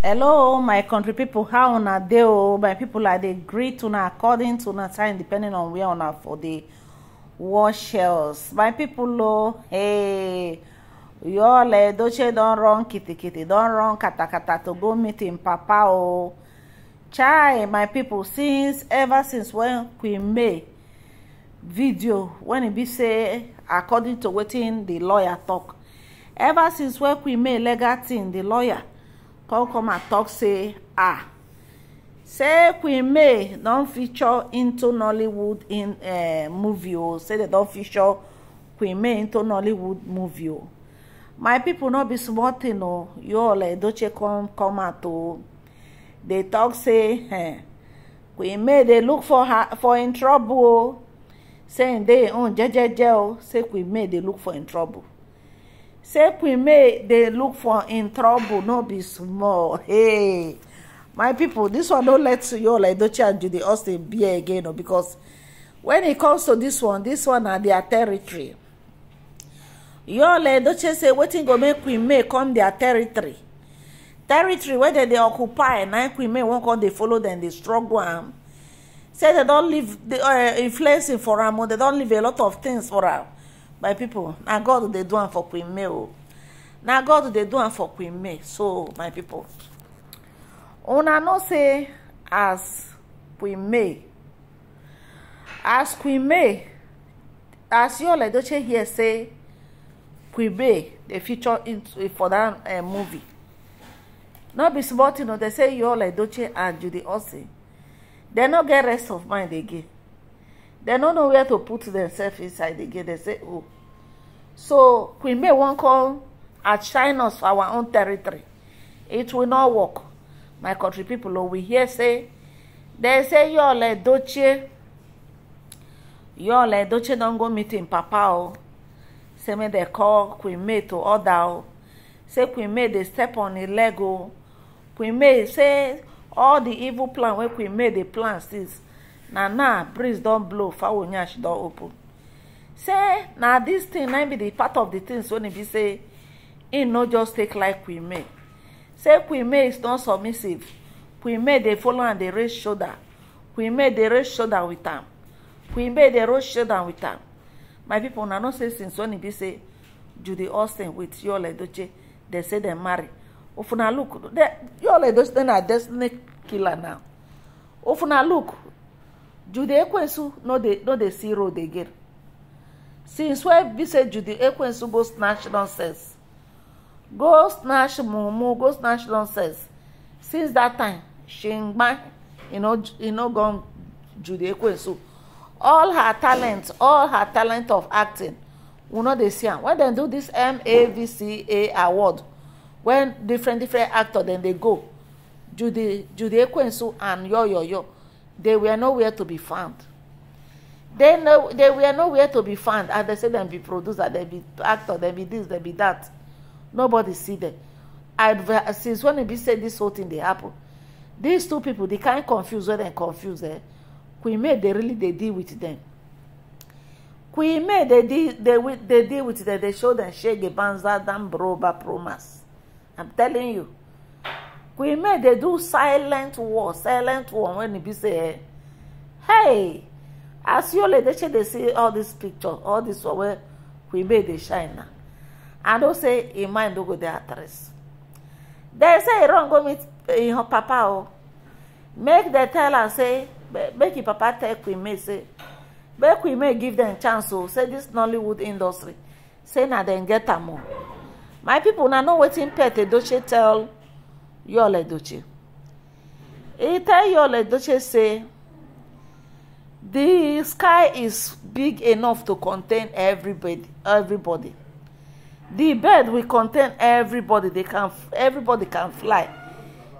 hello my country people. how una dey o oh? my people i dey greet una according to una time depending on where una for dey wash shells my people, o oh, hey all edoche don run kitikiti don run katakata to go meet him papa o oh. chai my people. since ever since when queen may video when e be say according to wetin the lawyer talk. ever since when queen may legal tin di lawyer come come and tok say ah say queen may don feature into nollywood in eh, movie o oh. say dem don feature queen may into nollywood movie o oh. my people no be small tin o oh. all edoche eh, come come out o dey tok say eh queen may they look for her for in trouble o say im dey im own jejeje o say queen may they look for in trouble say queen may dey look for im trouble no be small hey my pipo dis one no let suyo edoche and judy austin be again o Because when e comes to dis one dis one na dia territory yoola edoche say wetin go make queen may come dia territory territory wey dem dey occupy na queen may wan come dey follow dem dey struggle am um. say dem don leave uh, influence for am o dem don leave a lot of things for am my people, na god dey do am for queen may o oh. na god dey do am for queen may so my people, una know say as queen may as queen may as yio edoche hear say queen may dey feature for dat eh, movie no be small tin o oh, dey say yio edoche and judy austin dem no get rest of mind again They no know where to put themselves inside again They say oh so we may wan call outshine us for our own territory it will not work my country people oh we hear say they say like yall edochie like edochie don't go meeting papa Oh, say make they call queen may to order o oh. say queen may they step on im Lego. o oh. queen may say all the evil plan wey queen may dey plan since na now breeze don blow fowl nyash don open say na this thing na be the part of the things wey e be say im e no just take like queen may say queen may is not submissive queen may dey follow am dey raise shoulder queen may dey raise shoulder with am queen may dey raise shoulder with am my people, na know say since when e be say judy austin with yul edochie dey say dem marry ofuna look yul edochie na destiny killer now ofuna look jude ekwensu no dey see road again since when be say jude ekwensu go snatch nonsense go snatch mumu go snatch nonsense since that time you know you know gone jude ekwensu all her talent all her talent of acting we no they see am wen dem do dis mavca award when different different actors then they go jude jude ekwensu and yo yo yo. They were nowhere to be found. They, know, they were nowhere to be found. And they said, them be producer, they be actor, they be this, they be that. Nobody see them. I, since when it be said this whole thing, they happen. These two people, they can't confuse when and confuse. Eh? Queen May, they really they deal with them. Queen May, they deal, they, they deal with them. They show them Shege Banza, Dambroba, Promas. I'm telling you. queen may dey do silent war silent war when e be say eh hey as you ole dey dey see all dis picture all dis one wey queen may dey shine na i know say im mind no go dey at rest dem say e run go meet im eh, papa o oh. make dem tell am say make im papa tell queen may say make queen may give dem chance o oh. say this nollywood industry say na dem get am o oh. my people na know wetin pet edoche tell Iole Duce. Ita Iole Duce say, the sky is big enough to contain everybody. everybody. The bird will contain everybody. They can everybody can fly.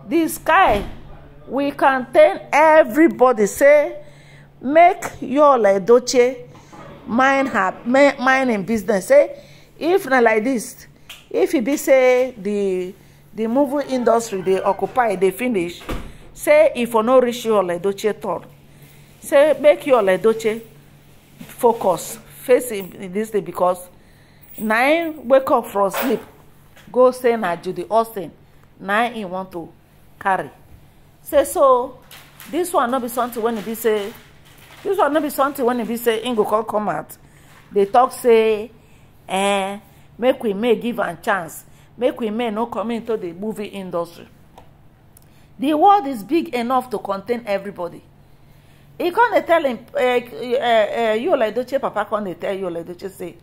The sky will contain everybody. Say, make Iole Duce mind her mind in business. Say, if na like this, if e be say the The movie industry dey occupy dey finish say e for no reach you oledoche turn say make you oledoche focus face this dis thing because na im wake up from sleep go say na judy austin na im want to carry say so this one no be something wey e be say this one no be something wey e be say im go come come out dey talk say eh make we may give am chance make we men no come into the movie industry the world is big enough to contain everybody He come dey tell him eh, eh, eh, you like doche papa come dey tell you like doche say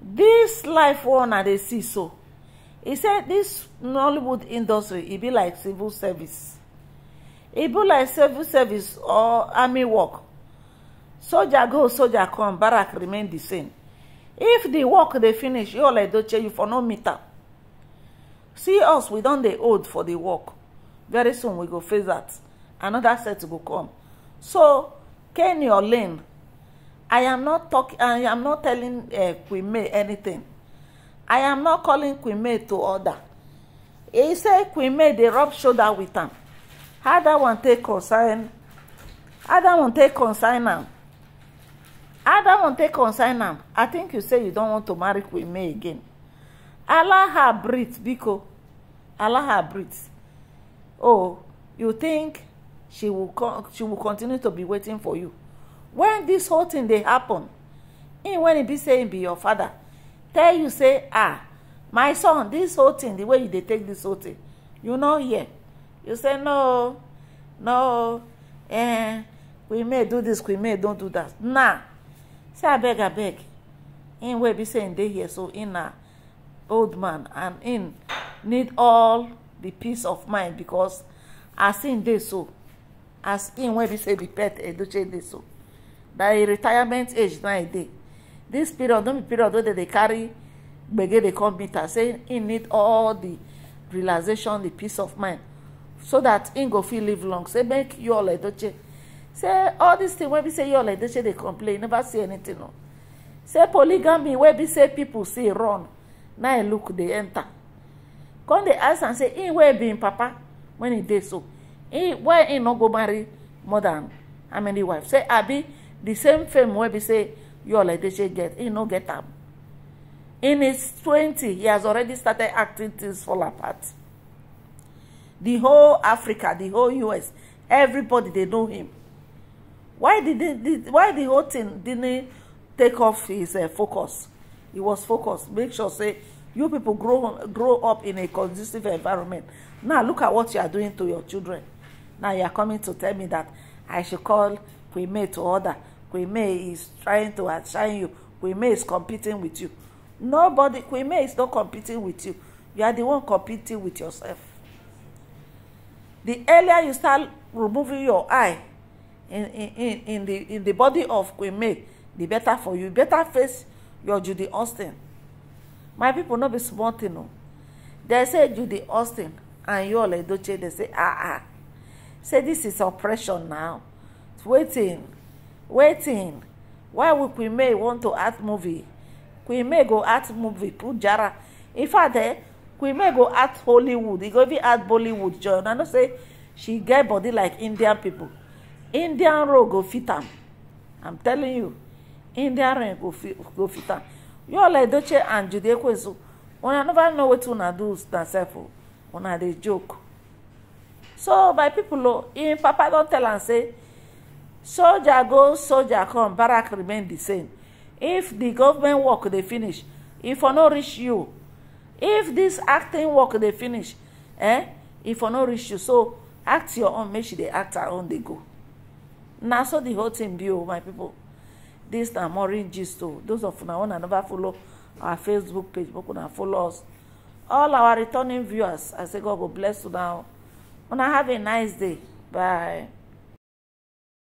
this life one i dey see so He said this nollywood industry it e be like civil service It e be like civil service or army work soldier go soldier come barrack remain the same if di work they finish you all edoche you for no meet see us we don't they old for the work very soon we go face that another set go come so ken your lane i am not talking i am not telling eh, queen may anything i am not calling queen to order He said queen they rub shoulder with him. how that one take concern? how that one take consign am other one take consign am i think you say you don want to marry queen may again allow her breathe biko allow her breathe oh you think she will con she will continue to be waiting for you when this whole thing dey happen him when e be say him e be your father tell you say ah my son this whole thing the way you dey take this whole thing you no hear you say no no eh we may do this we may don do that now nah say abeg abeg him wey be say him dey here so him na old man and him need all the peace of mind because as him dey so as him wey be say be pet edoche dey so na him retirement age na him dey this period no be period wey dem dey carry gbege dey come meet am say him need all the relaxation the peace of mind so that him go fit live long say make you all edoche say all these things wey be say your they say dey complain never see anything o say polygamy wey be say people say run na e look dey enter come dey ask am say him wey be him papa when e dey so why him no go marry more than how many wives say abi the same fame wey be say your they get him no get am in his twenty, he has already started acting things fall apart the whole africa the whole us everybody dey know him why did the why the whole thing didn't take off his uh, focus he was focused make sure say you people grow grow up in a conducive environment now look at what you are doing to your children now you are coming to tell me that i should call Kwame to order Kwame is trying to outshine you Kwame is competing with you nobody Kwame is not competing with you you are the one competing with yourself the earlier you start removing your eye in, in, in, the, in the body of Queen May, the better for you. Better face your Judy Austin. My people, no be small thing. No. They say Judy Austin and you all Edochie, they say, ah, ah. Say this is oppression now. It's waiting, waiting. Why would Queen May want to act movie? Queen May go act movie, put Jara. In fact, eh, Queen May go act Hollywood. He go even act Bollywood, John. I know say she get body like Indian people indian road go fit am i'm telling you indian rain go fit go fit am yola edoche and jude ekwesu una never know wetin una do na sef o una dey joke so my people o im papa don't tell and say soldier go soldier come barrack remain the same if the government work they finish If I no reach you if this acting work they finish eh If I no reach you so act your own make she dey act her own They go na so the whole thing view, oh, my people this na more gist o oh. those of una una never follow our facebook page but una follow us all our returning viewers i say god will bless you now. And I have a nice day bye.